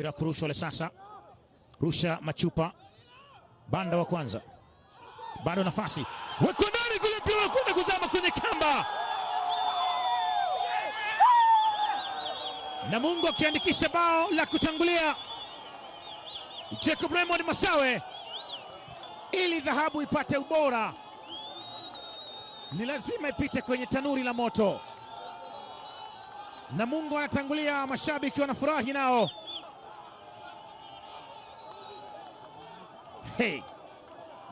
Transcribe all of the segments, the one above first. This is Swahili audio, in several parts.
Mpira kurushwa ile sasa, rusha Machupa, banda wa kwanza, bado nafasi, weko ndani kule, mpira kwenda kuzama kwenye kamba, na Mungu akiandikisha bao la kutangulia. Jacob Raymond Masawe, ili dhahabu ipate ubora ni lazima ipite kwenye tanuri la moto, na Mungu anatangulia. Mashabiki wanafurahi nao. Hey,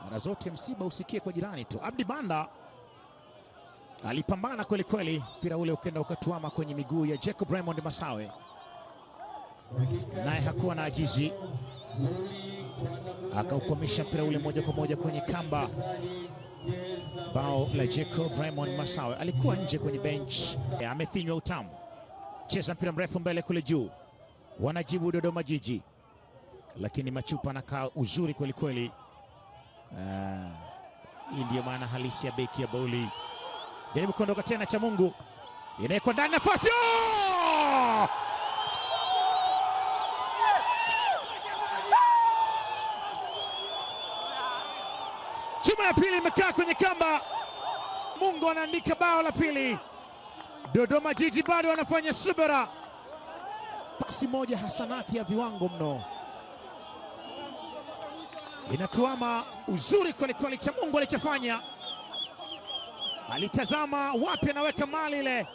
mara zote msiba usikie kwa jirani tu. Abdi Banda alipambana kweli kweli, mpira ule ukenda ukatuama kwenye miguu ya Jacob Raymond Masawe, naye hakuwa na ajizi, akaukwamisha mpira ule moja kwa moja kwenye kamba. Bao la Jacob Raymond Masawe, alikuwa nje kwenye bench, amefinywa utamu, cheza mpira mrefu mbele kule juu, wanajibu Dodoma Jiji lakini Machupa anakaa uzuri kweli kweli. Ah, hii ndiyo maana halisi ya beki ya Bauli. Jaribu kuondoka tena, cha Mungu inawekwa ndani, nafasi oh! chuma ya pili imekaa kwenye kamba. Mungu anaandika bao la pili. Dodoma Jiji bado wanafanya subira. Pasi moja hasanati ya viwango mno inatuama uzuri kwelikweli, cha Mungu alichofanya. Alitazama wapi anaweka mali ile,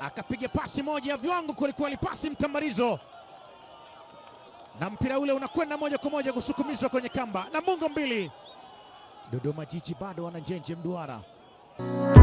akapiga pasi moja ya viwango kweli, pasi mtambarizo, na mpira ule unakwenda moja kwa moja kusukumizwa kwenye kamba na Mungu mbili. Dodoma Jiji bado wana njenje mduara